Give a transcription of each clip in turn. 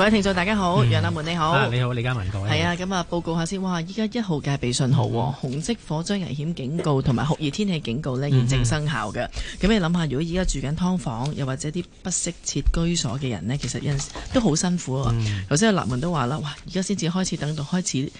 各位聽眾大家好，楊立文你好。你好，李嘉文各位，係啊，咁啊、嗯，報告下先。哇，依家一號戒備信號、嗯，紅色火災危險警告同埋酷熱天氣警告咧，現正生效嘅。咁、嗯、你諗下，如果依家住緊劏房，又或者啲不適切居所嘅人咧，其實有陣都好辛苦啊。頭先阿立文都話啦，哇，而家先至開始等到開始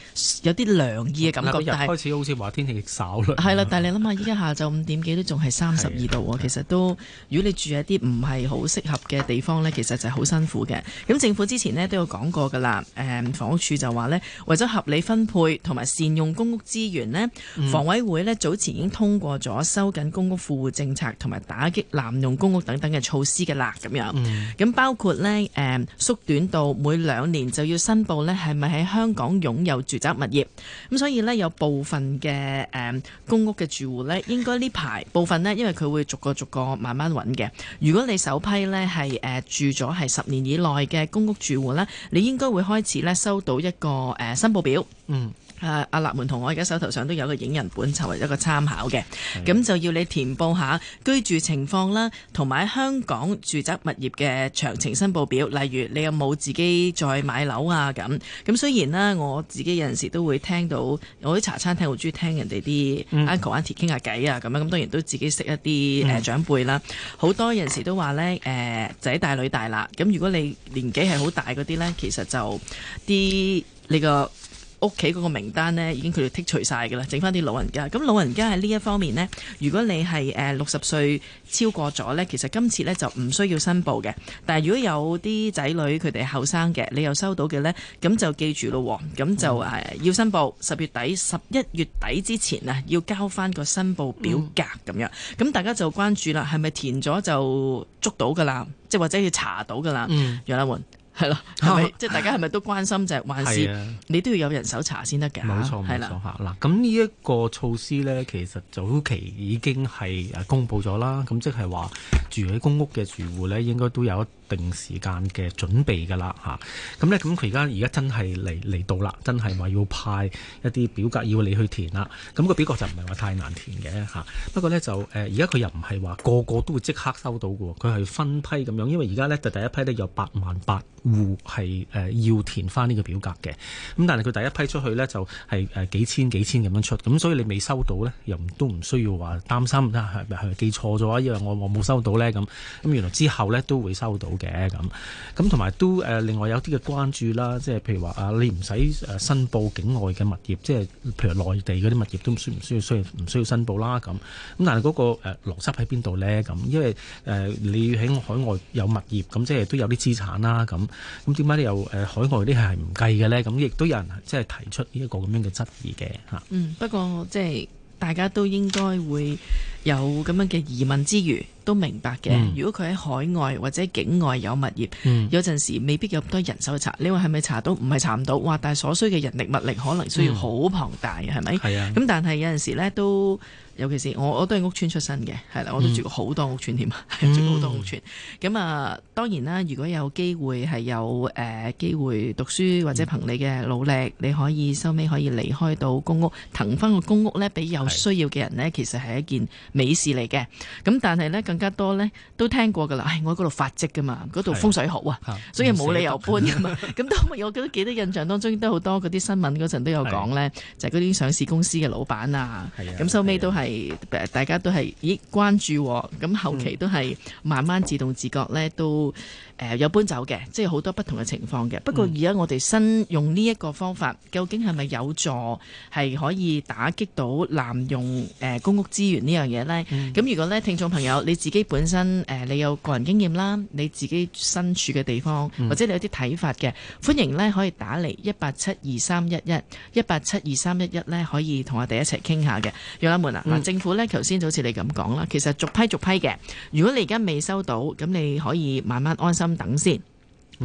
有啲涼意嘅感覺，嗯、但係開始好似話天氣熱曬啦。係啦、啊，但係你諗下，依家下晝五點幾都仲係三十二度、啊、其實都如果你住喺啲唔係好適合嘅地方咧，其實就係好辛苦嘅。咁政府之前，咧都有講過噶啦，誒房屋署就話呢，為咗合理分配同埋善用公屋資源咧、嗯，房委會呢早前已經通過咗收緊公屋富戶政策同埋打擊濫用公屋等等嘅措施嘅啦，咁樣，咁、嗯、包括呢，誒、呃、縮短到每兩年就要申報呢係咪喺香港擁有住宅物業，咁所以呢，有部分嘅誒、呃、公屋嘅住戶呢應該呢排部分呢，因為佢會逐個逐個慢慢揾嘅。如果你首批呢係誒住咗係十年以內嘅公屋住住戶咧，你應該會開始咧收到一個誒、呃、申報表，嗯。誒、啊、阿立門同我而家手頭上都有個影人本作為一個參考嘅，咁就要你填報下居住情況啦，同埋香港住宅物業嘅詳情申報表，例如你有冇自己再買樓啊咁。咁雖然呢，我自己有陣時都會聽到，我喺茶餐廳好中意聽人哋啲 uncle auntie 傾下偈啊咁、嗯、樣，咁當然都自己識一啲誒、嗯呃、長輩啦。好多有陣時都話咧，誒、呃、仔大女大啦，咁如果你年紀係好大嗰啲咧，其實就啲你、那個。屋企嗰個名單呢已經佢哋剔除晒嘅啦，整翻啲老人家。咁老人家喺呢一方面呢，如果你係誒六十歲超過咗呢，其實今次呢就唔需要申報嘅。但係如果有啲仔女佢哋後生嘅，你又收到嘅呢，咁就記住咯。咁就誒要申報，十、嗯、月底十一月底之前啊，要交翻個申報表格咁、嗯、樣。咁大家就關注啦，係咪填咗就捉到㗎啦？即或者要查到㗎啦？楊立文。係咯，係咪、啊、即係大家係咪都關心就係還是你都要有人手查先得嘅？冇錯，冇錯吓。嗱，咁呢一個措施咧，其實早期已經係誒公布咗啦。咁即係話住喺公屋嘅住戶咧，應該都有一定時間嘅準備㗎啦嚇，咁咧咁佢而家而家真係嚟嚟到啦，真係話要派一啲表格要你去填啦。咁個表格就唔係話太難填嘅嚇，不過咧就而家佢又唔係話個個都會即刻收到嘅喎，佢係分批咁樣，因為而家咧就第一批咧有八萬八戶係要填翻呢個表格嘅，咁但係佢第一批出去咧就係誒幾千幾千咁樣出，咁所以你未收到咧，又都唔需要話擔心係咪係咪記錯咗啊？因為我我冇收到咧咁，咁原來之後咧都會收到。嘅咁咁，同埋都另外有啲嘅關注啦，即係譬如話啊，你唔使申報境外嘅物業，即係譬如內地嗰啲物業都需唔需要需要唔需要申報啦？咁咁，但係嗰個邏輯喺邊度咧？咁因為你喺海外有物業，咁即係都有啲資產啦。咁咁點解你又海外啲係唔計嘅咧？咁亦都有人即係提出呢一個咁樣嘅質疑嘅嚇。嗯，不過即係。大家都應該會有咁樣嘅疑問之餘，都明白嘅、嗯。如果佢喺海外或者境外有物業，嗯、有陣時未必有咁多人手查。你話係咪查到？唔係查唔到？哇！但係所需嘅人力物力可能需要好龐大嘅，係、嗯、咪？係啊。咁但係有陣時呢都。尤其是我我都係屋邨出身嘅，係啦，我都住過好多屋邨添啊，住好多屋邨。咁、嗯、啊，當然啦，如果有機會係有誒、呃、機會讀書或者憑你嘅努力，你可以收尾可以離開到公屋，騰翻個公屋咧，俾有需要嘅人咧，其實係一件美事嚟嘅。咁但係咧，更加多咧都聽過㗎啦，唉，我喺嗰度發跡㗎嘛，嗰度風水好啊，所以冇理由搬㗎嘛。咁 都我記得，記得印象當中都好多嗰啲新聞嗰陣都有講咧，就係嗰啲上市公司嘅老闆啊，咁收尾都係。大家都係咦關注喎，咁後期都係慢慢自動自覺呢都誒有搬走嘅，即係好多不同嘅情況嘅。不過而家我哋新用呢一個方法，究竟係咪有助係可以打擊到濫用誒公屋資源呢樣嘢呢？咁、嗯、如果呢，聽眾朋友你自己本身誒你有個人經驗啦，你自己身處嘅地方或者你有啲睇法嘅，歡迎呢可以打嚟，一八七二三一一一八七二三一一呢可以同我哋一齊傾下嘅。楊生門啊。嗯政府呢，頭先就好似你咁講啦，其實逐批逐批嘅。如果你而家未收到，咁你可以慢慢安心等先。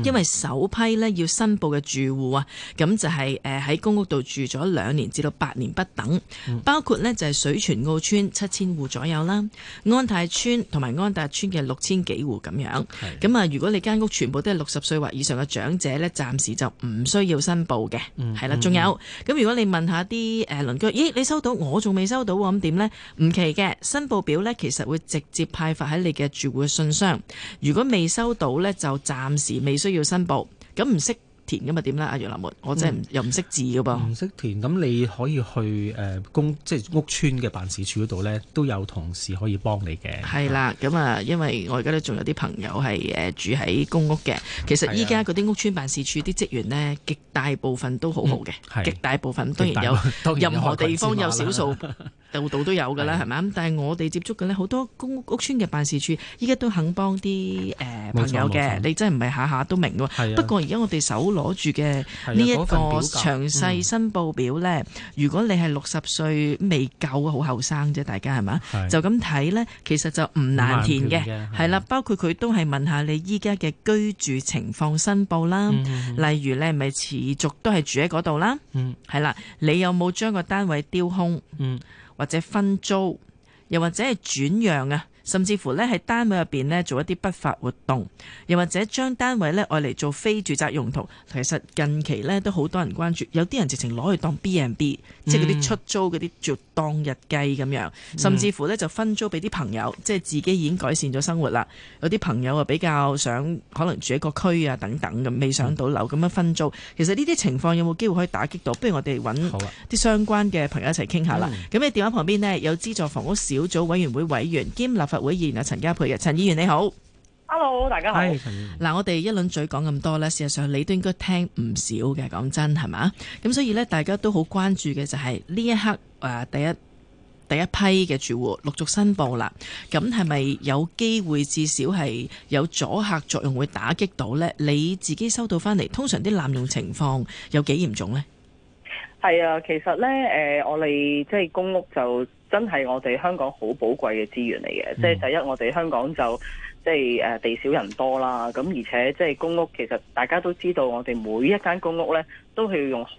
因為首批咧要申報嘅住戶啊，咁就係誒喺公屋度住咗兩年至到八年不等，包括呢就係水泉澳村七千戶左右啦，安泰邨同埋安達邨嘅六千幾戶咁樣。咁啊，如果你間屋全部都係六十歲或以上嘅長者呢，暫時就唔需要申報嘅，係啦。仲有咁如果你問下啲誒鄰居，咦你收到我仲未收到咁點呢？唔奇嘅，申報表呢，其實會直接派發喺你嘅住戶嘅信箱。如果未收到呢，就暫時未需要申報，咁唔識填咁咪點咧？阿楊林木，我真係又唔識字噶噃。唔識填，咁你可以去誒公，即係屋邨嘅辦事處嗰度咧，都有同事可以幫你嘅。係啦，咁啊，因為我而家咧仲有啲朋友係誒住喺公屋嘅。其實依家嗰啲屋邨辦事處啲職員咧，極大部分都好好嘅，極大部分當然有，任何地方有少數。度度都有㗎啦，係咪？咁？但係我哋接觸嘅呢好多公屋邨嘅辦事處依家都肯幫啲、呃、朋友嘅，你真係唔係下下都明㗎、啊。不過而家我哋手攞住嘅呢一個詳細申報表呢，啊表嗯、如果你係六十歲未夠好後生啫，大家係咪？就咁睇呢，其實就唔難填嘅，係啦、啊啊。包括佢都係問下你依家嘅居住情況申報啦、嗯，例如咧，你係咪持續都係住喺嗰度啦，嗯，係啦、啊，你有冇將個單位丟空，嗯？或者分租，又或者係轉讓啊！甚至乎咧，喺單位入面呢做一啲不法活動，又或者將單位呢愛嚟做非住宅用途。其實近期呢都好多人關注，有啲人直情攞去當 B&B，mm. 即係嗰啲出租嗰啲做當日計咁樣。甚至乎呢就分租俾啲朋友，mm. 即係自己已經改善咗生活啦。有啲朋友啊比較想可能住喺個區啊等等咁，未上到樓咁樣分租。其實呢啲情況有冇機會可以打擊到？不如我哋搵啲相關嘅朋友一齊傾下啦。咁你、啊、電話旁邊呢，有資助房屋小組委員會委員兼立法。立法會議員啊，陳家珮嘅陳議員你好。Hello，大家好。嗱，我哋一輪嘴講咁多呢，事實上你都應該聽唔少嘅，講真係嘛。咁所以呢，大家都好關注嘅就係呢一刻誒、啊，第一第一批嘅住戶陸續申報啦，咁係咪有機會至少係有阻吓作用，會打擊到呢？你自己收到翻嚟，通常啲濫用情況有幾嚴重呢？係啊，其實呢，誒、呃，我哋即係公屋就。真係我哋香港好寶貴嘅資源嚟嘅，即、嗯、係第一，我哋香港就即係地少人多啦，咁而且即係公屋，其實大家都知道，我哋每一間公屋呢，都係要用好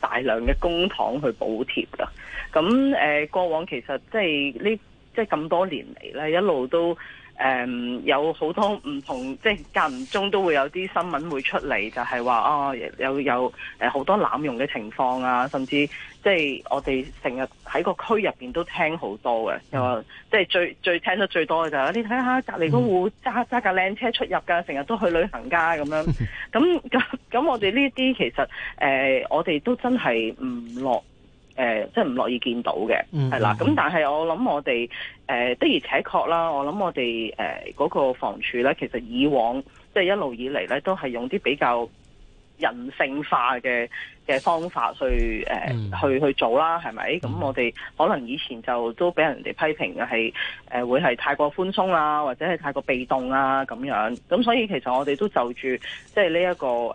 大量嘅公帑去補貼㗎，咁誒、呃、過往其實即係呢即係咁多年嚟呢，一路都。誒、嗯，有好多唔同，即係間唔中都會有啲新聞會出嚟，就係話啊，有有誒好、呃、多濫用嘅情況啊，甚至即係我哋成日喺個區入邊都聽好多嘅，又、嗯、話即係最最聽得最多嘅就係、是、你睇下隔籬嗰戶揸揸架靚車出入㗎，成日都去旅行家咁樣，咁咁咁我哋呢啲其實誒、呃，我哋都真係唔落。誒、呃，即係唔樂意見到嘅，係、嗯、啦。咁但係我諗我哋誒、呃、的而且確啦，我諗我哋誒嗰個房署咧，其實以往即係一路以嚟咧，都係用啲比較。人性化嘅嘅方法去、呃嗯、去去做啦，係咪？咁我哋可能以前就都俾人哋批評嘅係誒會係太過寬鬆啦，或者係太過被動啦。咁樣。咁所以其實我哋都就住即係呢一個誒誒、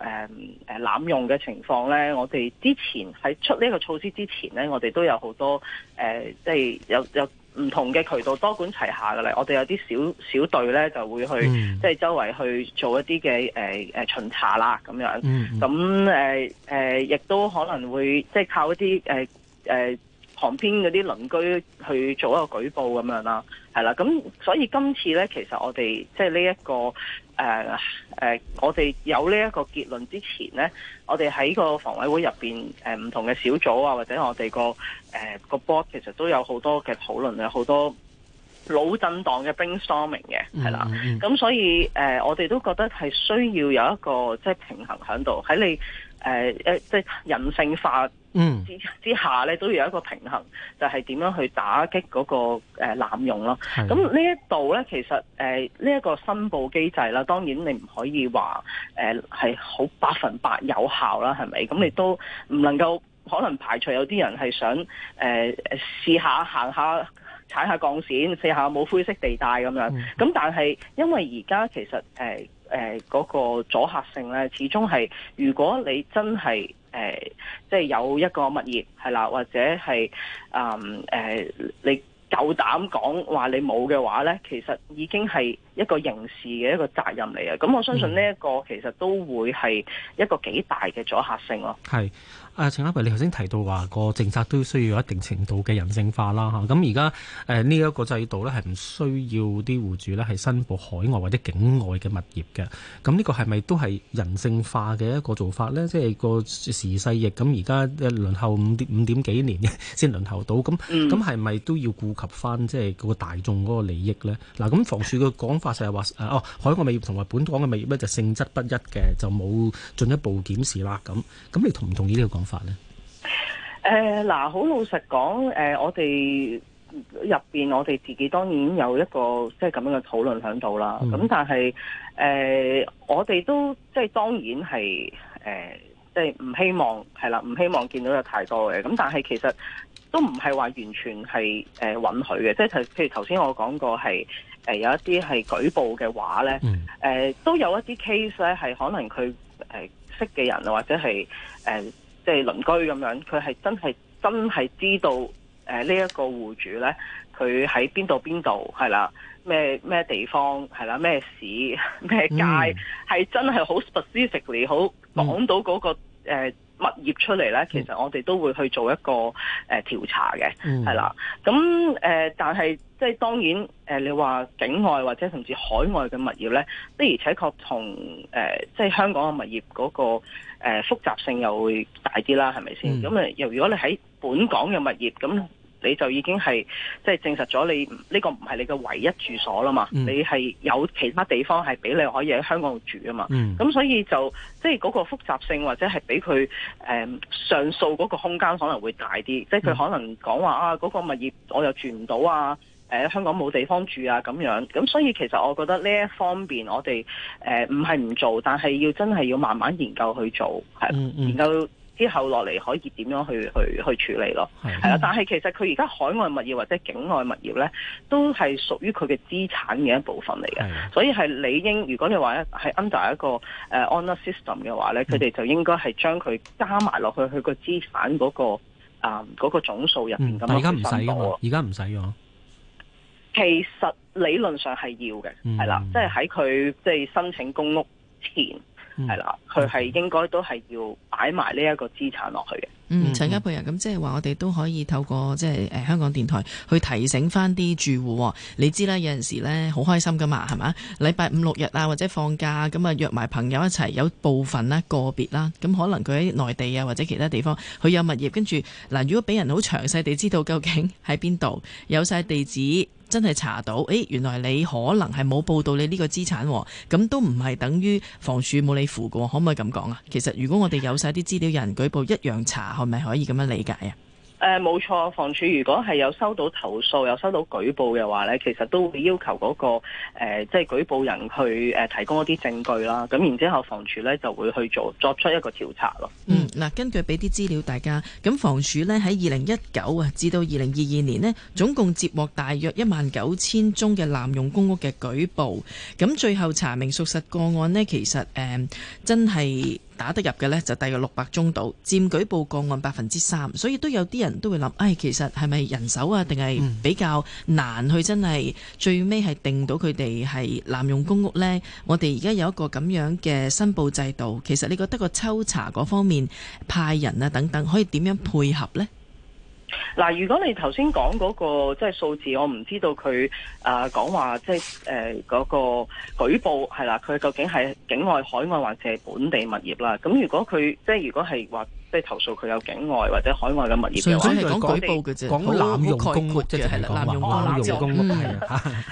呃、濫用嘅情況咧，我哋之前喺出呢個措施之前咧，我哋都有好多誒、呃，即係有有。有唔同嘅渠道多管齊下嘅嚟我哋有啲小小隊咧就會去、mm -hmm. 即係周圍去做一啲嘅誒誒巡查啦咁樣，咁誒誒，亦都可能會即係靠一啲誒誒。呃呃旁邊嗰啲鄰居去做一個舉報咁樣啦，係啦，咁所以今次呢，其實我哋即係呢一個誒誒、呃呃，我哋有呢一個結論之前呢，我哋喺個房委會入面誒唔、呃、同嘅小組啊，或者我哋個誒、呃、個 board 其實都有好多嘅討論，有好多腦震盪嘅 brainstorming 嘅，係啦，咁、mm -hmm. 所以誒、呃，我哋都覺得係需要有一個即係、就是、平衡喺度喺你。誒、呃、誒，即人性化之之下咧、嗯，都要有一個平衡，就係、是、點樣去打擊嗰、那個誒、呃、濫用咯。咁呢一度咧，其實誒呢一個申報機制啦，當然你唔可以話誒係好百分百有效啦，係咪？咁你都唔能夠可能排除有啲人係想誒試、呃、下行下踩下鋼線，試下冇灰色地帶咁樣。咁、嗯、但係因為而家其實誒。呃誒、呃、嗰、那個阻嚇性咧，始終係如果你真係誒，即、呃、係、就是、有一個物業係啦，或者係啊誒，你夠膽講話你冇嘅話咧，其實已經係一個刑事嘅一個責任嚟嘅。咁我相信呢一個其實都會係一個幾大嘅阻嚇性咯。係。啊，陳家珮，你頭先提到話個政策都需要一定程度嘅人性化啦吓，咁而家誒呢一個制度咧係唔需要啲戶主咧係申報海外或者境外嘅物業嘅，咁呢個係咪都係人性化嘅一個做法咧？即係個時勢亦咁而家輪候五點五點幾年嘅先輪候到，咁咁係咪都要顧及翻即係個大眾嗰個利益咧？嗱，咁房署嘅講法就係話，哦，海外物業同埋本港嘅物業咧就性質不一嘅，就冇進一步檢視啦。咁咁你同唔同意呢個講法？誒、呃，嗱，好老實講，誒、呃，我哋入邊，我哋自己當然有一個即係咁樣嘅討論響度、嗯呃呃、啦。咁但係，誒，我哋都即係當然係，誒，即係唔希望係啦，唔希望見到有太多嘅。咁但係其實都唔係話完全係誒、呃、允許嘅，即係，譬如頭先我講過係誒、呃、有一啲係舉報嘅話咧，誒、嗯呃，都有一啲 case 咧係可能佢誒、呃、識嘅人或者係誒。呃即、就、係、是、鄰居咁樣，佢係真係真係知道、呃這個、戶呢一個戶主咧，佢喺邊度邊度係啦，咩咩地方係啦，咩市咩街係、mm. 真係好 specifically 好講到嗰、那個、mm. 呃物業出嚟咧，其實我哋都會去做一個誒、呃、調查嘅，係、嗯、啦。咁誒、呃，但係即係當然誒、呃，你話境外或者甚至海外嘅物業咧，的而且確同誒、呃，即係香港嘅物業嗰、那個誒、呃、複雜性又會大啲啦，係咪先？咁又如果你喺本港嘅物業咁。你就已經係即係證實咗你呢、呢個唔係你嘅唯一住所啦嘛，嗯、你係有其他地方係俾你可以喺香港度住啊嘛。咁、嗯、所以就即係嗰個複雜性或者係俾佢上訴嗰個空間可能會大啲，即係佢可能講話、嗯、啊嗰、嗰個物業我又住唔到啊、呃，香港冇地方住啊咁樣。咁所以其實我覺得呢一方面我哋，我哋誒唔係唔做，但係要真係要慢慢研究去做，係、嗯、研究。之後落嚟可以點樣去去去處理咯？係啊，但係其實佢而家海外物業或者境外物業咧，都係屬於佢嘅資產嘅一部分嚟嘅，所以係理應。如果你話係 under 一個誒、uh, honor system 嘅話咧，佢、嗯、哋就應該係將佢加埋落去佢個資產嗰、那個啊嗰、嗯那個總數入邊咁嚟分攤。而家唔使嘅喎，而家唔使咗。其實理論上係要嘅，係、嗯、啦，即係喺佢即係申請公屋前。係、嗯、啦，佢係應該都係要擺埋呢一個資產落去嘅。嗯，陳家珮啊，咁即係話我哋都可以透過即係誒香港電台去提醒翻啲住戶、哦。你知啦，有陣時咧好開心噶嘛，係嘛？禮拜五六日啊，或者放假咁啊，約埋朋友一齊。有部分啦，個別啦、啊，咁可能佢喺內地啊，或者其他地方，佢有物業。跟住嗱，如果俾人好詳細地知道究竟喺邊度，有晒地址。嗯真係查到，誒、哎、原來你可能係冇報到你呢個資產，咁、哦、都唔係等於房署冇你符㗎，可唔可以咁講啊？其實如果我哋有晒啲資料有人舉報，一樣查，係咪可以咁樣理解啊？誒，冇錯，房署如果係有收到投訴，有收到舉報嘅話呢，其實都會要求嗰、那個誒、呃，即係舉報人去誒提供一啲證據啦。咁然之後，房署呢就會去做作出一個調查咯。嗯，嗱，根據俾啲資料，大家咁房署呢喺二零一九啊至到二零二二年呢，總共接獲大約一萬九千宗嘅濫用公屋嘅舉報。咁最後查明屬實個案呢，其實誒、呃、真係。打得入嘅咧就大約六百宗度，佔舉報個案百分之三，所以都有啲人都會諗，唉、哎，其實係咪人手啊，定係比較難去真係最尾係定到佢哋係濫用公屋咧？我哋而家有一個咁樣嘅申報制度，其實你覺得個抽查嗰方面派人啊等等，可以點樣配合咧？嗱、啊，如果你頭先講嗰個即係、就是、數字，我唔知道佢啊講話即係誒嗰個舉報係啦，佢究竟係境外、海外或者係本地物業啦？咁如果佢即係如果係話，就是即係投訴佢有境外或者海外嘅物業嘅話，純粹係講舉報嘅啫，講濫用公即係啦，就是、用公權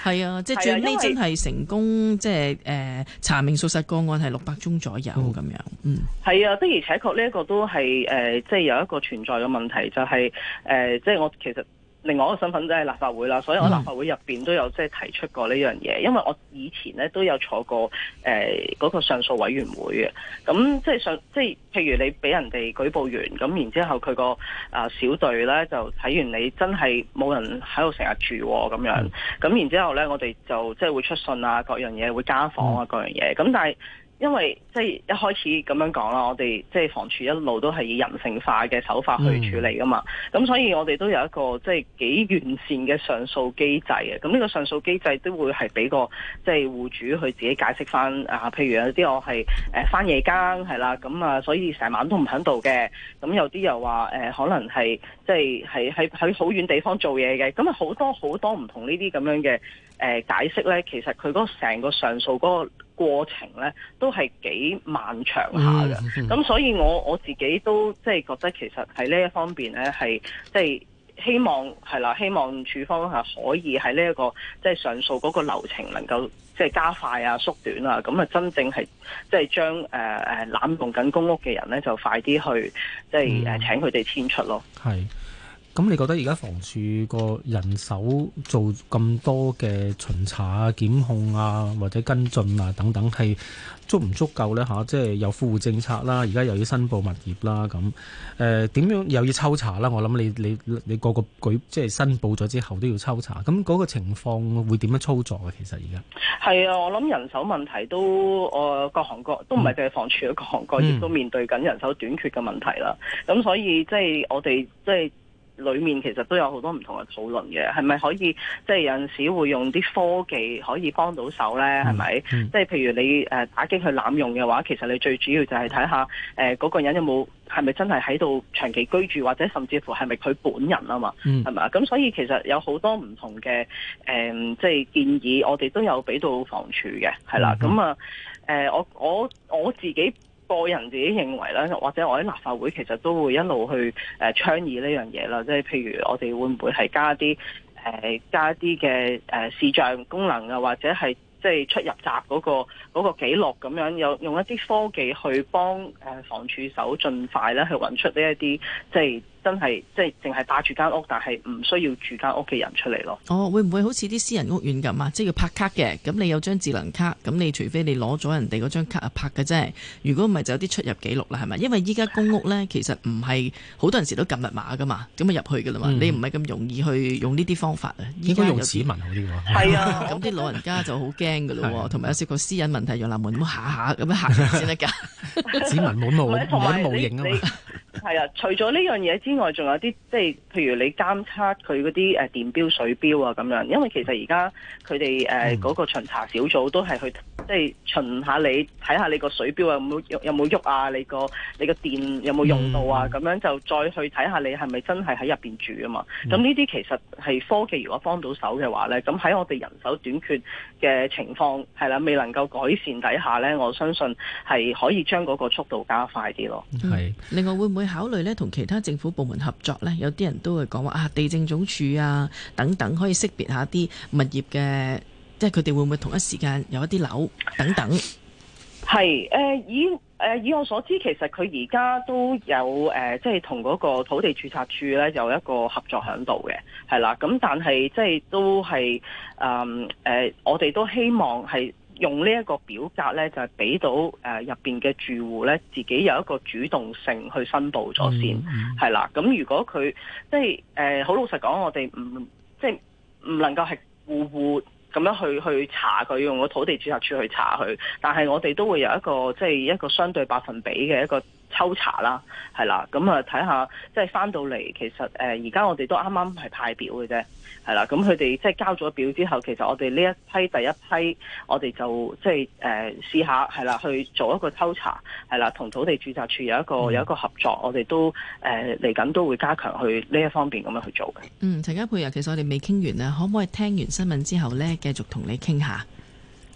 係啊，即係最尾真係成功，即係誒、呃、查明屬實個案係六百宗左右咁樣，嗯，係、嗯、啊、嗯，的而且確呢一個都係、呃、即係有一個存在嘅問題，就係、是呃、即係我其實。另外一個身份就係立法會啦，所以我立法會入邊都有即係提出過呢樣嘢，因為我以前咧都有坐過誒嗰個上訴委員會嘅，咁即係上即係譬如你俾人哋舉報完，咁然之後佢個啊小隊咧就睇完你真係冇人喺度成日住喎咁樣，咁然之後咧我哋就即係會出信啊，各樣嘢會家訪啊，各樣嘢，咁但係。因為即係一開始咁樣講啦，我哋即係房署一路都係以人性化嘅手法去處理噶嘛，咁、嗯、所以我哋都有一個即係幾完善嘅上訴機制嘅。咁呢個上訴機制都會係俾個即係戶主佢自己解釋翻啊。譬如有啲我係誒翻夜更係啦，咁啊，所以成晚都唔喺度嘅。咁有啲又話誒、呃，可能係即係喺喺喺好遠地方做嘢嘅。咁啊，好多好多唔同這這、呃、呢啲咁樣嘅誒解釋咧，其實佢嗰成個上訴嗰過程咧都係幾漫長下嘅，咁、嗯嗯、所以我我自己都即係、就是、覺得其實喺呢一方面咧係即係希望係啦，希望處方係可以喺呢一個即係、就是、上訴嗰個流程能夠即係、就是、加快啊、縮短啊，咁啊真正係即係將誒誒濫用緊公屋嘅人咧就快啲去即係誒請佢哋遷出咯。嗯，係。咁你覺得而家房署個人手做咁多嘅巡查啊、檢控啊或者跟進啊等等足足，係足唔足夠咧？吓，即係有富戶政策啦，而家又要申報物業啦，咁誒，點、呃、樣又要抽查啦？我諗你你你，你個個舉即係申報咗之後都要抽查，咁嗰個情況會點樣操作啊？其實而家係啊，我諗人手問題都我、呃、各行各都唔係淨係房署、嗯、各行各業都面對緊人手短缺嘅問題啦。咁所以即係我哋即係。裏面其實都有好多唔同嘅討論嘅，係咪可以？即係有陣時會用啲科技可以幫到手呢？係、嗯、咪？即係譬如你誒、呃、打擊佢濫用嘅話，其實你最主要就係睇下誒嗰、呃嗰個人有冇係咪真係喺度長期居住，或者甚至乎係咪佢本人啊嘛？係、嗯、咪？咁所以其實有好多唔同嘅誒、呃，即係建議我哋都有俾到房署嘅，係啦。咁啊誒，我我我自己，個人自己認為啦，或者我喺立法會其實都會一路去誒倡議呢樣嘢啦，即係譬如我哋會唔會係加啲誒加啲嘅誒視像功能啊，或者係即係出入閘嗰個嗰個記錄咁樣，有用一啲科技去幫誒房署手盡快咧去揾出呢一啲即係。真係即係淨係霸住間屋，但係唔需要住間屋嘅人出嚟咯。哦，會唔會好似啲私人屋苑咁啊？即係要拍卡嘅，咁你有張智能卡，咁你除非你攞咗人哋嗰張卡去拍嘅啫。如果唔係就有啲出入記錄啦，係咪？因為依家公屋咧，其實唔係好多人時都撳密碼噶嘛，咁啊入去噶啦嘛。嗯、你唔係咁容易去用呢啲方法啊。應該用指紋好啲喎。係啊，咁啲老人家就好驚噶咯，同埋、啊、有少個私隱問題，又難滿下下咁樣行先得㗎。 指紋滿模冇影啊嘛。係啊，除咗呢樣嘢之外，仲有啲即係，譬如你監測佢嗰啲誒電表、水表啊咁樣，因為其實而家佢哋誒嗰個巡查小組都係去、嗯、即係巡下你，睇下你個水表有冇有冇喐啊，你個你個電有冇用到啊，咁、嗯、樣就再去睇下你係咪真係喺入邊住啊嘛。咁呢啲其實係科技，如果幫到手嘅話咧，咁喺我哋人手短缺嘅情況係啦，未能夠改善底下咧，我相信係可以將嗰個速度加快啲咯。係，另外會唔會考慮咧，同其他政府部門合作呢，有啲人都會講話啊，地政總署啊等等，可以識別下啲物業嘅，即係佢哋會唔會同一時間有一啲樓等等。係，誒、呃、以誒、呃、以我所知，其實佢而家都有誒，即係同嗰個土地注冊處呢有一個合作喺度嘅，係啦。咁但係即係都係，嗯、呃，誒、呃，我哋都希望係。用呢一個表格呢，就係、是、俾到誒入、呃、面嘅住戶呢，自己有一個主動性去申報咗先，係、嗯、啦。咁、嗯、如果佢即係誒好老實講，我哋唔即係唔能夠係戶戶咁樣去去查佢，用個土地註冊處去查佢，但係我哋都會有一個即係一個相對百分比嘅一個。抽查啦，係啦，咁啊睇下，即係翻到嚟，其實誒而家我哋都啱啱係派表嘅啫，係啦，咁佢哋即係交咗表之後，其實我哋呢一批第一批，我哋就即係誒試下係啦，去做一個抽查，係啦，同土地註冊處有一個有一個合作，我哋都誒嚟緊都會加強去呢一方面咁樣去做嘅。嗯，陳家珮啊，其實我哋未傾完啊，可唔可以聽完新聞之後咧，繼續同你傾下？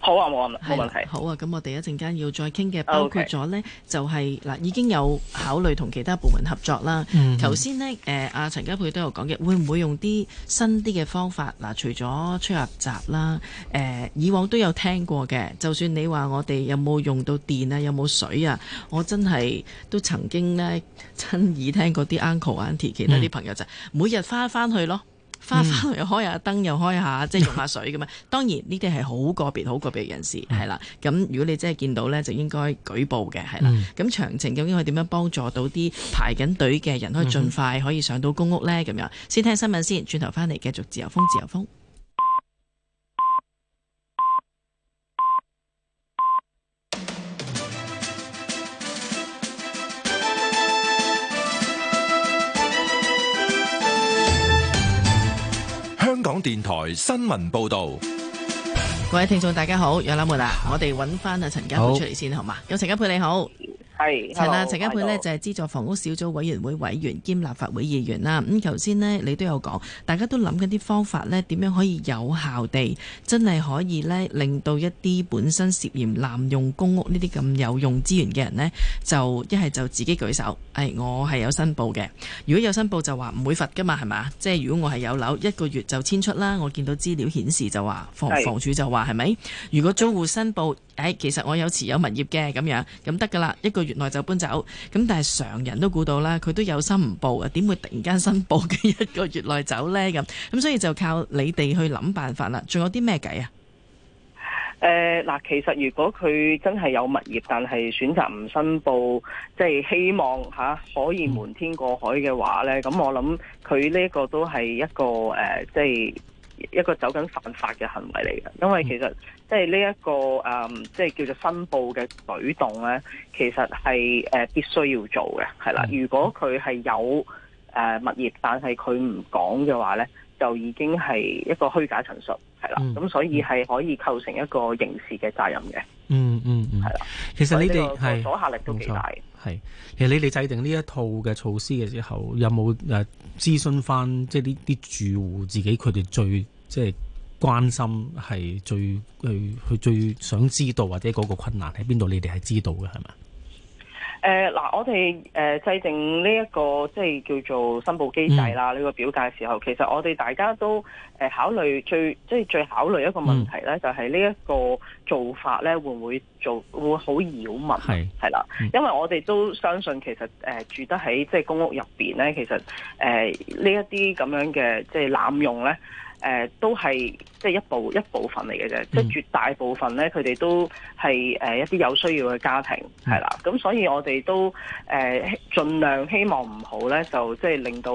好啊，冇啊，冇問題啊。好啊，咁我哋一陣間要再傾嘅，包括咗呢，Okay. 就係、是、嗱，已經有考慮同其他部門合作啦。頭、mm、先 -hmm. 呢，誒、呃、阿陳家珮都有講嘅，會唔會用啲新啲嘅方法？嗱、呃，除咗出入閘啦，誒、呃、以往都有聽過嘅。就算你話我哋有冇用到電啊，有冇水啊，我真係都曾經呢，親耳聽過啲 uncle auntie 其他啲朋友就每日翻翻去咯。花花又開下燈又開下，即係用下水咁嘛。 當然呢啲係好個別、好個別人士係啦。咁 如果你真係見到呢，就應該舉報嘅係啦。咁詳 情咁應該點樣幫助到啲排緊隊嘅人可以盡快可以上到公屋呢？咁樣先聽新聞先，轉頭翻嚟繼續自由風自由風。香港電台新聞報道，各位聽眾大家好，有柳妹啊，我哋揾翻阿陳家珮出嚟先，好嘛？有陳家珮你好。係，啦，陳家珮呢就係資助房屋小組委員會委員兼立法會議員啦。咁頭先呢你都有講，大家都諗緊啲方法呢點樣可以有效地真係可以呢令到一啲本身涉嫌濫用公屋呢啲咁有用資源嘅人呢，就一係就自己舉手。誒、哎，我係有申報嘅。如果有申報就話唔會罰㗎嘛，係咪？即係如果我係有樓，一個月就遷出啦。我見到資料顯示就話房房署就話係咪？如果租戶申報，誒、哎，其實我有持有物業嘅咁樣，咁得㗎啦，一個月。內就搬走，咁但係常人都估到啦，佢都有心唔報啊，點會突然間申報嘅一個月內走呢？咁咁，所以就靠你哋去諗辦法啦。仲有啲咩計啊？誒，嗱，其實如果佢真係有物業，但係選擇唔申報，即係希望吓可以瞞天過海嘅話呢，咁我諗佢呢個都係一個誒，即係。一個走緊犯法嘅行為嚟嘅，因為其實即係呢一個誒，即、嗯、係、嗯就是、叫做申報嘅舉動咧，其實係誒、呃、必須要做嘅，係啦、嗯。如果佢係有誒、呃、物業，但係佢唔講嘅話咧，就已經係一個虛假陳述，係啦。咁、嗯、所以係可以構成一個刑事嘅責任嘅。嗯嗯，係、嗯、啦、這個。其實你哋係阻嚇力都幾大嘅。其實你哋制定呢一套嘅措施嘅時候，有冇誒、啊、諮詢翻即係呢啲住戶自己佢哋最？即、就、係、是、關心係最佢佢最想知道或者嗰個困難喺邊度？你哋係知道嘅係咪？誒嗱、呃，我哋誒、呃、制定呢、這、一個即係叫做申報機制啦，呢、這個表格嘅時候、嗯，其實我哋大家都誒、呃、考慮最即係最考慮一個問題咧、嗯，就係呢一個做法咧會唔會做會好擾民，係係啦、嗯，因為我哋都相信其實誒、呃、住得喺即係公屋入邊咧，其實誒呢一啲咁樣嘅即係濫用咧。誒、呃、都係即係一部一部分嚟嘅啫，即係絕大部分咧，佢哋都係、呃、一啲有需要嘅家庭係啦。咁、嗯、所以我哋都誒、呃、盡量希望唔好咧，就即係令到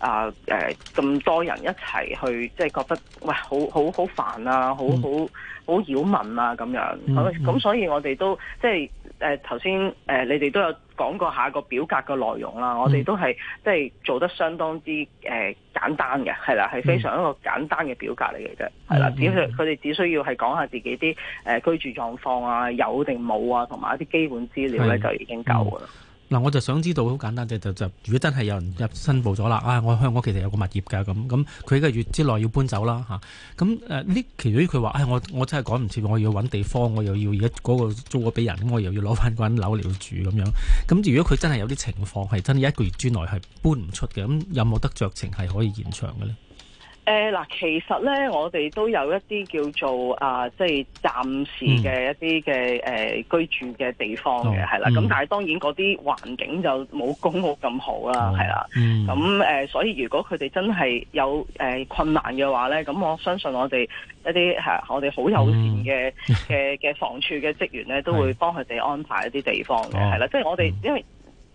啊誒咁多人一齊去即係覺得喂好好好煩啊，好好好擾民啊咁樣。咁、嗯嗯、所以我哋都即係。誒，頭先誒你哋都有講過下個表格嘅內容啦，嗯、我哋都係即係做得相當之誒、呃、簡單嘅，係啦，係非常一個簡單嘅表格嚟嘅啫，係、嗯、啦，只佢哋、嗯、只需要係講下自己啲誒、呃、居住狀況啊，有定冇啊，同埋一啲基本資料咧，就已經夠啦。嗯嗱，我就想知道好簡單啫，就就如果真係有人入申報咗啦，啊，我香港其實有個物業㗎，咁咁佢一個月之內要搬走啦，嚇、啊，咁誒呢？如果佢話，唉、哎，我我真係趕唔切，我要搵地方，我又要而家嗰個租咗俾人，我又要攞翻個樓嚟住咁樣，咁如果佢真係有啲情況係真係一個月之內係搬唔出嘅，咁有冇得酌情係可以延長嘅咧？誒、呃、嗱，其實咧，我哋都有一啲叫做啊，即係暫時嘅一啲嘅誒居住嘅地方嘅，係啦。咁但係當然嗰啲環境就冇公屋咁好啦，係、哦、啦。咁誒、嗯呃，所以如果佢哋真係有誒、呃、困難嘅話咧，咁我相信我哋一啲係我哋好友善嘅嘅嘅房署嘅職員咧，都會幫佢哋安排一啲地方嘅，係、哦、啦、嗯。即係我哋因為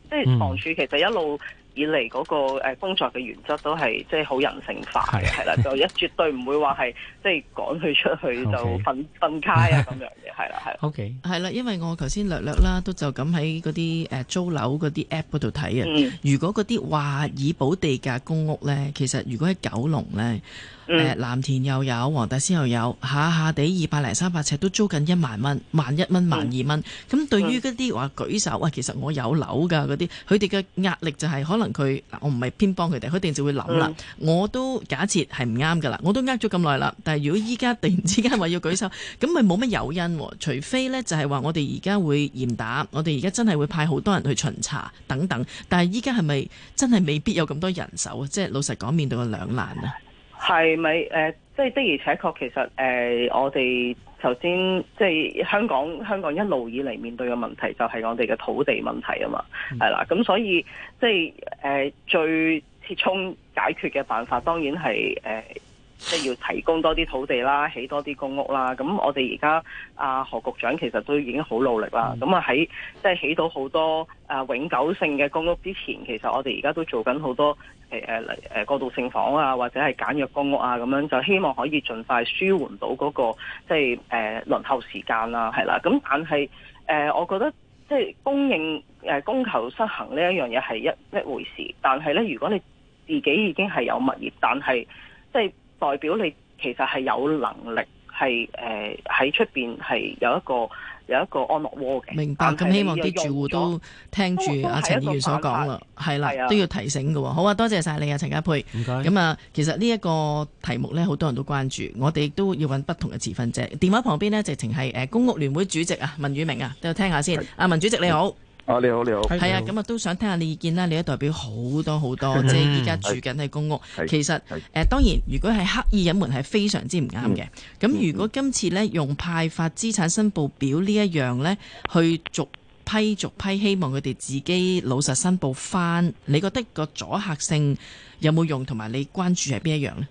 即係房署其實一路。以嚟嗰個工作嘅原則都係即係好人性化嘅，係啦、啊，啊、 就一絕對唔會話係即係趕佢出去就瞓瞓街啊咁樣嘢，係啦、啊，係。O K，係啦，因為我頭先略略啦，都就咁喺嗰啲誒租樓嗰啲 app 嗰度睇啊。如果嗰啲話以保地價公屋咧，其實如果喺九龍咧。誒、嗯呃、藍田又有，黃大仙又有，下下地二百零三百尺都租緊一萬蚊，萬一蚊，萬,萬二蚊。咁、嗯、對於嗰啲話舉手，哇，其實我有樓噶嗰啲，佢哋嘅壓力就係、是、可能佢，我唔係偏幫佢哋，佢定就會諗啦、嗯。我都假設係唔啱噶啦，我都呃咗咁耐啦。但係如果依家突然之間話要舉手，咁咪冇乜誘因，除非呢就係、是、話我哋而家會嚴打，我哋而家真係會派好多人去巡查等等。但係依家係咪真係未必有咁多人手啊？即、就、係、是、老實講，面對個兩難啊！係咪？誒、呃，即係的而且確，其實誒、呃，我哋頭先即係香港，香港一路以嚟面對嘅問題就係我哋嘅土地問題啊嘛，係、嗯、啦。咁所以即係誒、呃，最切衷解決嘅辦法，當然係誒、呃，即係要提供多啲土地啦，起多啲公屋啦。咁我哋而家阿何局長其實都已經好努力啦。咁、嗯、啊喺即係起到好多誒永久性嘅公屋之前，其實我哋而家都在做緊好多。係誒誒，過渡性房啊，或者係簡約公屋啊，咁樣就希望可以盡快舒緩到嗰、那個即係誒輪候時間啦、啊，係啦。咁但係誒、呃，我覺得即係、就是、供應誒、呃、供求失衡呢一樣嘢係一一回事。但係咧，如果你自己已經係有物業，但係即係代表你其實係有能力係誒喺出邊係有一個。有一個安樂窩嘅，明白，咁希望啲住戶都聽住阿陳議員所講啦，係啦，都要提醒㗎喎。好啊，多謝晒你啊，陳家珮。唔該。咁啊，其實呢一個題目呢，好多人都關注，我哋亦都要搵不同嘅持份者。電話旁邊呢，直情係誒公屋聯會主席啊，文裕明啊，都要聽下先。阿文主席你好。啊，你好，你好，係啊，咁啊，都想聽下你意見啦。你都代表好多好多，嗯、即係而家住緊係公屋。其實誒、呃，當然，如果係刻意隱瞞，係非常之唔啱嘅。咁、嗯、如果今次呢，用派發資產申報表呢一樣呢，去逐批逐批，希望佢哋自己老實申報翻。你覺得個阻嚇性有冇用？同埋你關注係邊一樣呢？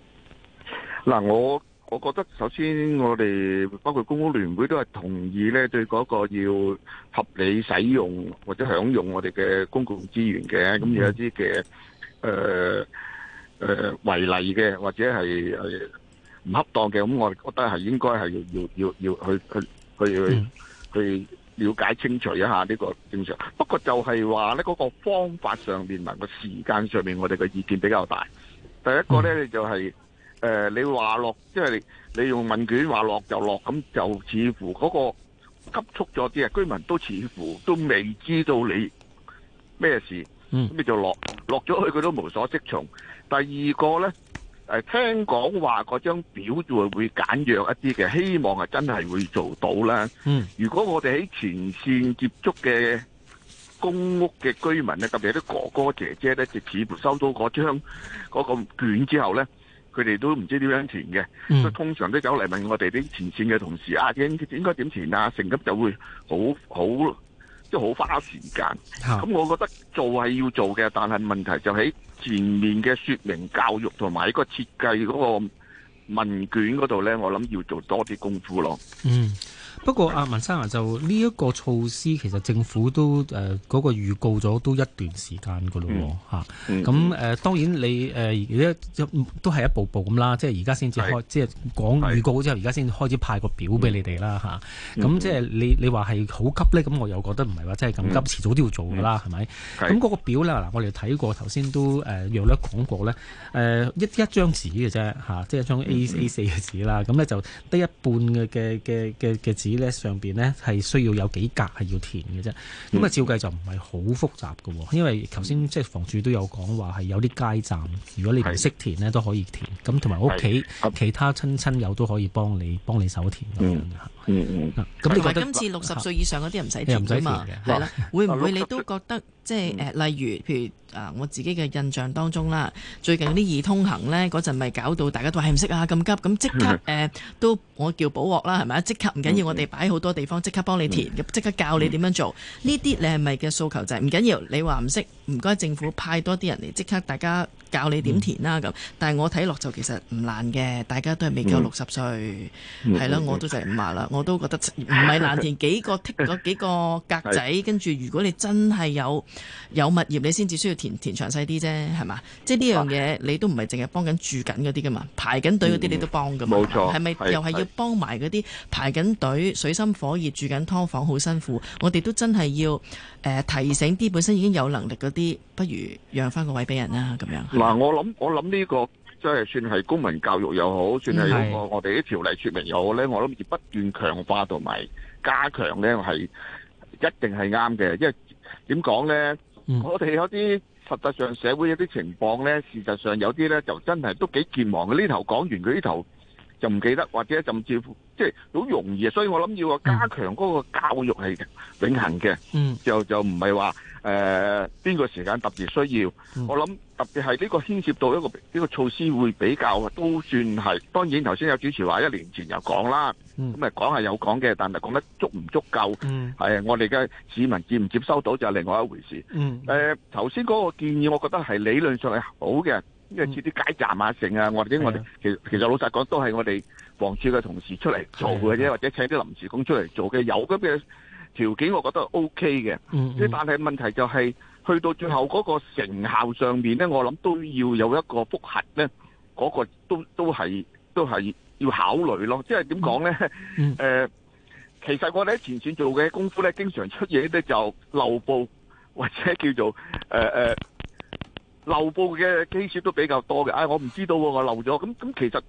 嗱、啊，我。我覺得首先我哋包括公屋聯會都係同意咧，對嗰個要合理使用或者享用我哋嘅公共資源嘅，咁有一啲嘅誒誒違例嘅或者係係唔恰當嘅，咁我我覺得係應該係要要要要去去去去了解清楚一下呢個正常。不過就係話咧，嗰個方法上面，同埋個時間上面，我哋嘅意見比較大。第一個咧就係。誒你話落，即係你用問卷話落就落，咁就似乎嗰個急促咗啲啊！居民都似乎都未知道你咩事，咁你就落落咗去佢都無所適從。第二個咧，誒聽講話嗰張表就會簡約一啲嘅，希望係真係會做到啦。如果我哋喺前線接觸嘅公屋嘅居民咧，特別係啲哥哥姐姐咧，就似乎收到嗰張嗰個卷之後咧，佢哋都唔知點樣填嘅，咁、嗯、通常都走嚟問我哋啲前線嘅同事啊，應應該點填啊，成咁就會好好即係好花時間。咁、嗯、我覺得做係要做嘅，但係問題就喺前面嘅説明教育同埋一個設計嗰個問卷嗰度咧，我諗要做多啲功夫咯。嗯。不過阿文生啊，就呢一個措施其實政府都誒嗰、呃那個預告咗都一段時間噶咯喎，咁誒當然你誒而家都係一步步咁啦，即係而家先至開，即係講預告之後，而家先開始派個表俾你哋啦，咁即係你你話係好急咧，咁我又覺得唔係話真係咁急，遲早都要做噶啦，係、嗯、咪？咁嗰、那個表咧嗱、呃，我哋睇過頭先都誒楊律講過咧，誒、呃、一一張紙嘅啫、啊、即係一張 A A 四嘅紙啦，咁、嗯、咧、嗯、就得一半嘅嘅嘅嘅嘅紙。上邊咧係需要有幾格係要填嘅啫，咁啊照計就唔係好複雜喎，因為頭先即係房署都有講話係有啲街站，如果你唔識填咧都可以填，咁同埋屋企其他親親友都可以幫你幫你手填咁樣嘅。嗯嗯，咁、嗯嗯、你覺同埋今次六十歲以上嗰啲唔使填噶嘛？係啦、啊，會唔會你都覺得即係、就是、 例如譬如啊，我自己嘅印象當中啦，最近呢啲易通行咧，嗰陣咪搞到大家都係唔識啊，咁急咁即刻誒、啊、都我叫補鑊啦，係咪啊？即刻唔緊要，我哋擺好多地方即刻幫你填，即、嗯、刻教你點樣做。呢、嗯、啲你係咪嘅訴求就是、係唔緊要？你話唔識，唔該政府派多啲人嚟即刻大家教你點填啦、啊、咁、嗯。但係我睇落就其實唔難嘅，大家都係未夠六十歲，係、嗯、咯、嗯，我都就係咁話啦。我都覺得唔係難填幾個剔嗰幾個格仔，跟 住如果你真係有有物業，你先至需要填填詳細啲啫，係嘛？即係呢樣嘢，你都唔係淨係幫緊住緊嗰啲㗎嘛，排緊隊嗰啲你都幫㗎嘛？冇錯，係咪又係要幫埋嗰啲排緊隊、水深火熱、住緊㓥房、好辛苦？我哋都真係要、呃、提醒啲本身已經有能力嗰啲，不如讓翻個位俾人啦咁樣。嗱，我諗我諗呢、這個。即係算係公民教育又好，算係我哋啲條例説明又好咧，我諗要不斷強化同埋加強咧，係一定係啱嘅。因為點講咧？我哋有啲實質上社會有啲情況咧，事實上有啲咧就真係都幾健忘嘅。呢頭講完佢呢頭，就唔記得，或者甚至即係好容易，所以我諗要加強嗰個教育係永恒嘅、嗯，就就唔係話誒邊個時間特別需要。嗯、我諗特別係呢個牽涉到一個呢、呢個措施會比較都算係。當然頭先有主持話一年前有講啦，咁啊講係有講嘅，但係講得足唔足夠？係、嗯、我哋嘅市民接唔接收到就係另外一回事。嗯，誒、呃，頭先嗰個建議我覺得係理論上係好嘅。因為似啲街站啊、剩啊，或者我哋其其實老實講，都係我哋黃超嘅同事出嚟做嘅啫，或者請啲臨時工出嚟做嘅。有咁嘅條件，我覺得 O K 嘅。嗯，即係但係問題就係去到最後嗰個成效上面咧，我諗都要有一個複核咧，嗰個都都係都係要考慮咯。即係點講咧？誒，其實我哋喺前線做嘅功夫咧，經常出嘢咧，就漏報或者叫做誒誒。漏報嘅 case 都比較多嘅，唉、哎，我唔知道喎、啊，我漏咗，咁咁其實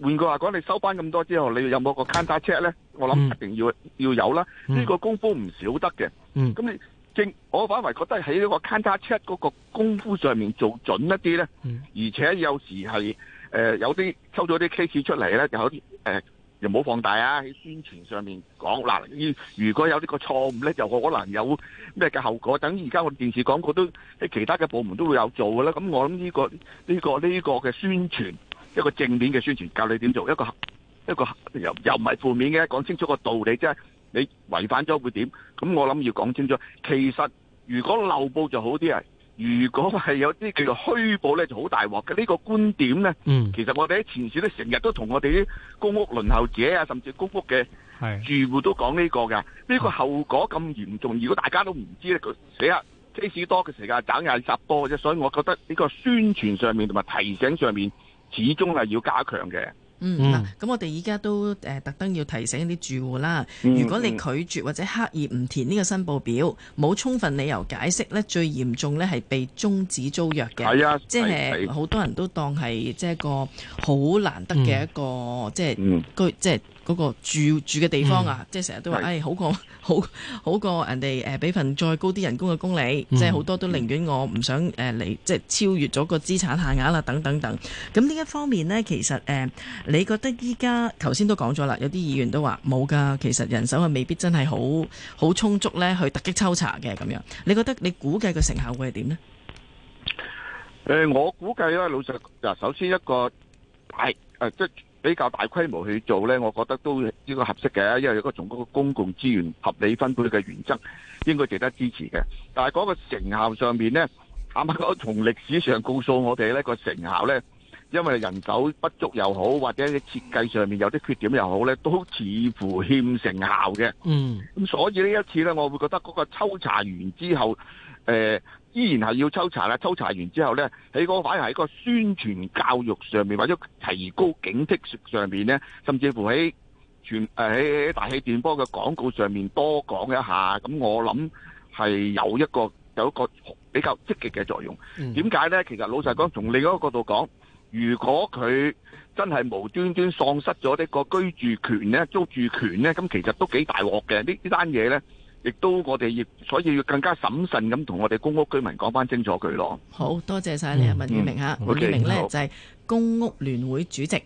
換句話講，你收翻咁多之後，你有冇個 counter check 咧？我諗一定要、嗯、要有啦，呢、這個功夫唔少得嘅。咁、嗯、你正，我反為覺得喺呢個 counter check 嗰個功夫上面做準一啲咧、嗯，而且有時係誒、呃、有啲收咗啲 case 出嚟咧，有啲誒。呃又冇放大啊！喺宣傳上面講嗱，如果有呢個錯誤咧，就可能有咩嘅後果。等而家我電視廣告都，啲其他嘅部門都會有做嘅啦。咁我諗呢個呢個呢個嘅宣傳，一個正面嘅宣傳，教你點做一個一個，一個又又唔係負面嘅，講清楚個道理啫。你違反咗會點？咁我諗要講清楚。其實如果漏報就好啲啊！如果係有啲叫做虛報咧，就好大鑊嘅。呢個觀點咧、嗯。其實我哋喺前線咧，成日都同我哋啲公屋輪候者啊，甚至公屋嘅住戶都講呢個㗎。呢、呢個後果咁嚴重，如果大家都唔知咧，寫下 c a s 多嘅時間，眨眼集多嘅啫。所以我覺得呢個宣傳上面同埋提醒上面，始終係要加強嘅。嗯咁、嗯、我哋依家都、呃、特登要提醒啲住戶啦、嗯。如果你拒絕或者刻意唔填呢個申報表，冇、嗯、充分理由解釋咧，最嚴重咧係被終止租約嘅。係啊，即係好多人都當係即係一個好難得嘅一個即係居即。嗯即係嗯即係嗰、那個住住嘅地方啊，嗯、即係成日都話，誒、哎、好過好好過人哋誒俾份再高啲人工嘅工你，即係好多都寧願我唔想誒嚟、嗯呃，即係超越咗個資產限額啦，等等等。咁呢一方面呢，其實誒、呃，你覺得依家頭先都講咗啦，有啲議員都話冇㗎，其實人手啊未必真係好好充足咧，去突擊抽查嘅咁樣。你覺得你估計個成效會係點呢？誒、呃，我估計咧，老實講，首先一個係誒、哎啊、即。比較大規模去做呢，我覺得都應該合適嘅，因為有一個從嗰個公共資源合理分配嘅原則，應該值得支持嘅。但係嗰個成效上面呢，啱啱講，我從歷史上告訴我哋呢、那個成效呢。因為人手不足又好，或者設計上面有啲缺點又好呢，都似乎欠成效嘅。嗯。咁所以呢一次呢，我會覺得嗰個抽查完之後，誒、呃、依然係要抽查啦。抽查完之後呢，喺個反而喺個宣傳教育上面，或者提高警惕上面呢，甚至乎喺喺大氣電波嘅廣告上面多講一下，咁我諗係有一個有一個比較積極嘅作用。點、mm. 解呢？其實老實講，從另一個角度講。如果佢真係無端端喪失咗呢個居住權咧、租住權咧，咁其實都幾大鑊嘅。呢呢單嘢呢，亦都我哋亦所以要更加審慎咁同我哋公屋居民講返清楚佢咯。好多謝晒你、嗯、啊，文裕明嚇。文裕明呢，啊 okay, 啊、okay, 就係公屋聯會主席。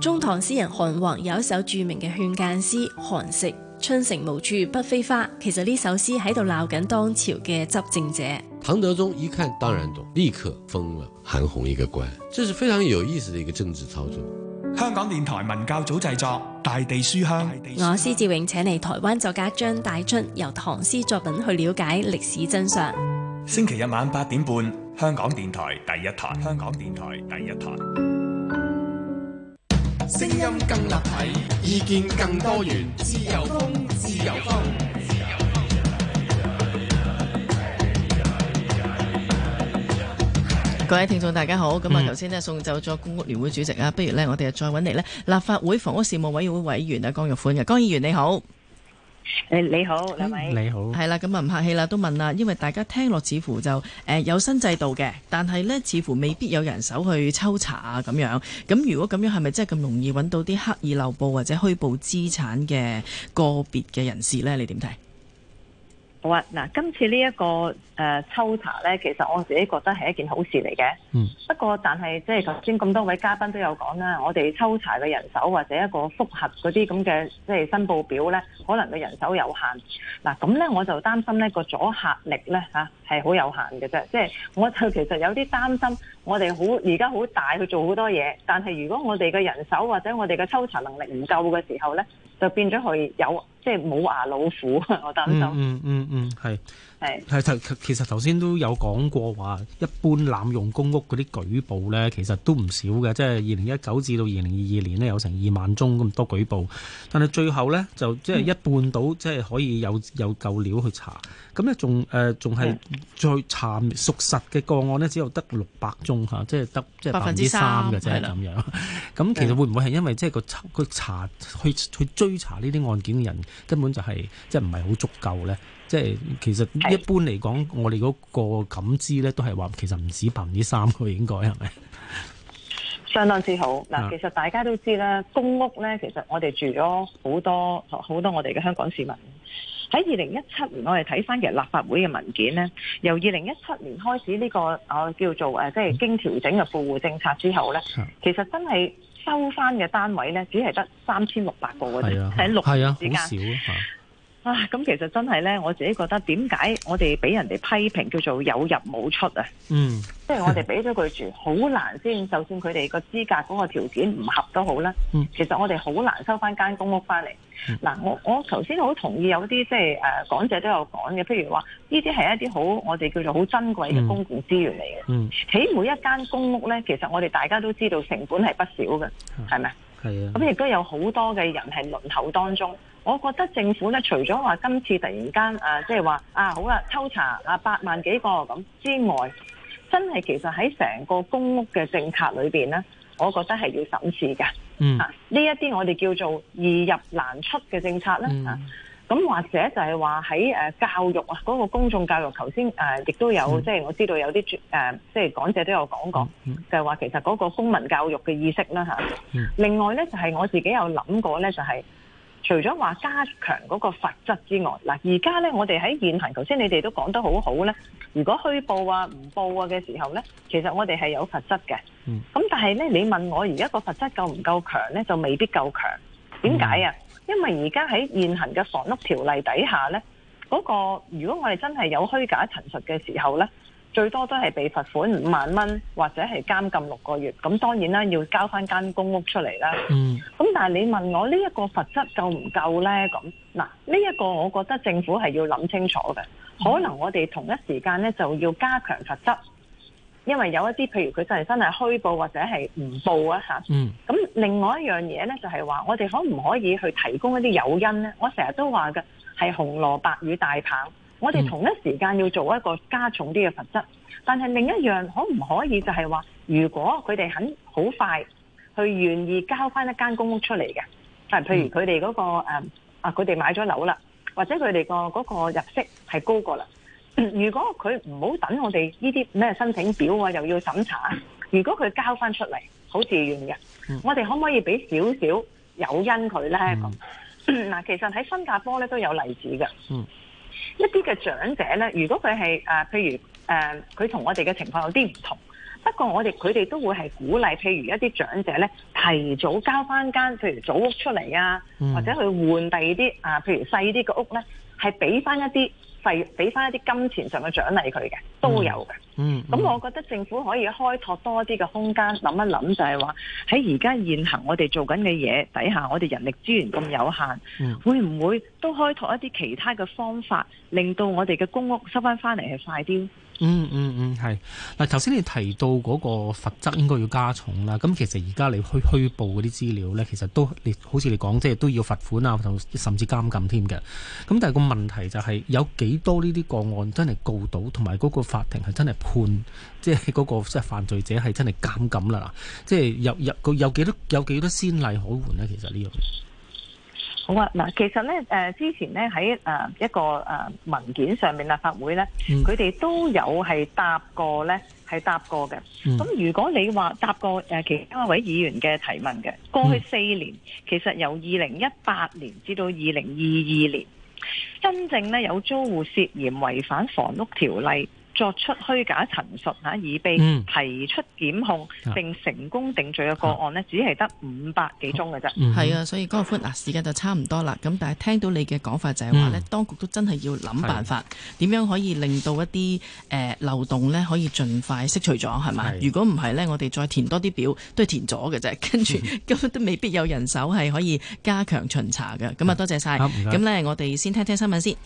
中唐詩人韓翃有一首著名嘅勸諫詩《寒食》，春城無處不飛花。其實呢首詩喺度鬧緊當朝嘅執政者。唐德宗一看，當然懂，立刻封了韓弘一個官。這是非常有意思的一個政治操作。香港電台文教組製作《大地書香》，香我施志永請來台灣作家張大春，由唐詩作品去了解歷史真相。星期日晚八點半，香港電台第一台。香港電台第一台。聲音更立體，意見更多元，自由風，自由風。各位聽眾大家好，咁啊，頭先送走咗公屋聯會主席啊、嗯，不如呢，我哋就再揾嚟呢立法會房屋事務委員會委員啊江玉歡嘅江議員你好，誒你好咪、嗯、你好係啦，咁啊唔客氣啦，都問啦，因為大家聽落似乎就誒、呃、有新制度嘅，但係呢，似乎未必有人手去抽查啊咁樣，咁如果咁樣係咪真係咁容易揾到啲刻意漏報或者虛報資產嘅個別嘅人士呢？你點睇？好啊，嗱，今次呢、這、一個誒、呃、抽查咧，其實我自己覺得係一件好事嚟嘅。嗯。不過，但係即係頭先咁多位嘉賓都有講啦，我哋抽查嘅人手或者一個複核嗰啲咁嘅即係申報表咧，可能嘅人手有限。嗱、啊，咁咧我就擔心咧個阻嚇力咧吓。係好有限嘅啫，即係我就其實有啲擔心我，我哋好而家好大去做好多嘢，但係如果我哋嘅人手或者我哋嘅抽查能力唔夠嘅時候咧，就變咗佢有即係冇牙老虎，我擔心。嗯嗯嗯，係、嗯。嗯係其實頭先都有講過話，一般濫用公屋嗰啲舉報咧，其實都唔少嘅，即係二零一九至到二零二二年呢，有成二萬宗咁多舉報，但係最後咧就即係一半到，即係可以有有夠料去查，咁咧仲誒仲係查屬實嘅個案呢，只有得六百宗吓，即係得即係百分之三嘅啫咁樣。咁其實會唔會係因為即係個查查去去追查呢啲案件嘅人根本就係、是、即係唔係好足夠咧？即係其實一般嚟講，我哋嗰個感知呢都係話其實唔止百分之三，佢應該，應該係咪？相當之好嗱，其實大家都知啦，公屋呢，其實我哋住咗好多好多我哋嘅香港市民。喺二零一七年，我哋睇翻其實立法會嘅文件呢，由二零一七年開始呢，這個我叫做誒，即係經調整嘅富戶政策之後呢，的其實真係收翻嘅單位呢，只係得三千六百個嘅啫，喺、六係啊，好、就是、少啊，咁其實真係咧，我自己覺得點解我哋俾人哋批評叫做有入冇出啊？嗯，即係我哋俾咗佢住，好難先，就算佢哋個資格嗰個條件唔合都好啦。嗯，其實我哋好難收翻間公屋翻嚟。嗱、嗯啊，我我頭先好同意有啲即係誒講者都有講嘅，譬如話呢啲係一啲好我哋叫做好珍貴嘅公共資源嚟嘅。嗯，喺、嗯、每一間公屋咧，其實我哋大家都知道成本係不少嘅，係、嗯、咪？嗯、啊。咁亦都有好多嘅人係輪候當中。我覺得政府咧，除咗話今次突然間誒，即係話啊好啊，抽、就是啊、查啊八萬幾個咁之外，真係其實喺成個公屋嘅政策裏邊咧，我覺得係要審視嘅。嗯，啊呢一啲我哋叫做易入難出嘅政策呢，咁、嗯啊、或者就係話喺誒教育啊嗰、那個公眾教育，頭先亦都有即係、嗯就是、我知道有啲誒即係講者都有講過，嗯嗯、就係、是、話其實嗰個公民教育嘅意識啦、啊、嗯。另外咧就係、是、我自己有諗過咧就係、是。除咗話加強嗰個罰則之外，嗱而家咧，我哋喺現行，頭先你哋都講得好好咧。如果虛報啊、唔報啊嘅時候咧，其實我哋係有罰則嘅。嗯。咁但係咧，你問我而家個罰則夠唔夠強咧？就未必夠強。點解啊？因為而家喺現行嘅《房屋條例》底下咧，嗰個如果我哋真係有虛假陳述嘅時候咧。最多都係被罰款五萬蚊，或者係監禁六個月。咁當然啦，要交返間公屋出嚟啦。咁、嗯、但係你問我呢一、呢個罰則夠唔夠呢？咁嗱，呢、呢、一個我覺得政府係要諗清楚嘅。可能我哋同一時間呢，就要加強罰則，因為有一啲譬如佢真係真係虛報或者係唔報啊嚇。咁另外一樣嘢呢，就係話，我哋可唔可以去提供一啲誘因呢？我成日都話嘅係紅蘿蔔與大棒。我哋同一時間要做一個加重啲嘅罰則，但係另一樣可唔可以就係話，如果佢哋肯好快去願意交翻一間公屋出嚟嘅，係譬如佢哋嗰個誒啊，佢哋買咗樓啦，或者佢哋個嗰入息係高過啦。如果佢唔好等我哋呢啲咩申請表啊，又要審查。如果佢交翻出嚟，好自願嘅，我哋可唔可以俾少少誘因佢咧？嗱、嗯， 其實喺新加坡咧都有例子嘅。嗯一啲嘅長者咧，如果佢係誒，譬如誒，佢、呃、同我哋嘅情況有啲唔同。不過我哋佢哋都會係鼓勵，譬如一啲長者咧提早交翻間，譬如祖屋出嚟啊，嗯、或者去換第二啲啊，譬如細啲嘅屋咧，係俾翻一啲費，俾翻一啲金錢上嘅獎勵佢嘅，都有嘅。嗯嗯，咁、嗯、我覺得政府可以開拓多啲嘅空間，諗一諗就係話喺而家現行我哋做緊嘅嘢底下，我哋人力資源咁有限，嗯、會唔會都開拓一啲其他嘅方法，令到我哋嘅公屋收返返嚟係快啲？嗯嗯嗯，係嗱，頭先你提到嗰個罰則應該要加重啦，咁其實而家你虛虛報嗰啲資料呢，其實都好似你講，即係都要罰款啊，甚至監禁添嘅。咁但係個問題就係、是、有幾多呢啲個案真係告到，同埋嗰個法庭係真係判？判即係嗰個即係犯罪者係真係監禁啦，即係有有佢有幾多有幾多先例可換咧？其實呢樣好啊！嗱，其實咧，誒，之前咧，喺誒一個誒文件上面，立法會咧，佢哋都有係答過咧，係答過嘅。咁如果你話答過誒其他位議員嘅提問嘅，過去四年其實由二零一八年至到二零二二年，真正咧有租戶涉嫌違反房屋條例，作出虛假陳述嚇，已被提出檢控並成功定罪嘅個案咧，只係得五百幾宗嘅啫。係、嗯、啊，所以嗰個嗱時間就差唔多啦。咁但係聽到你嘅講法就係話咧，當局都真係要諗辦法，點樣可以令到一啲誒漏洞咧可以盡快釋除咗係嘛？如果唔係呢，我哋再填多啲表都係填咗嘅啫。跟住根本都未必有人手係可以加強巡查嘅。咁啊，多謝晒。咁呢，我哋先聽聽新聞先。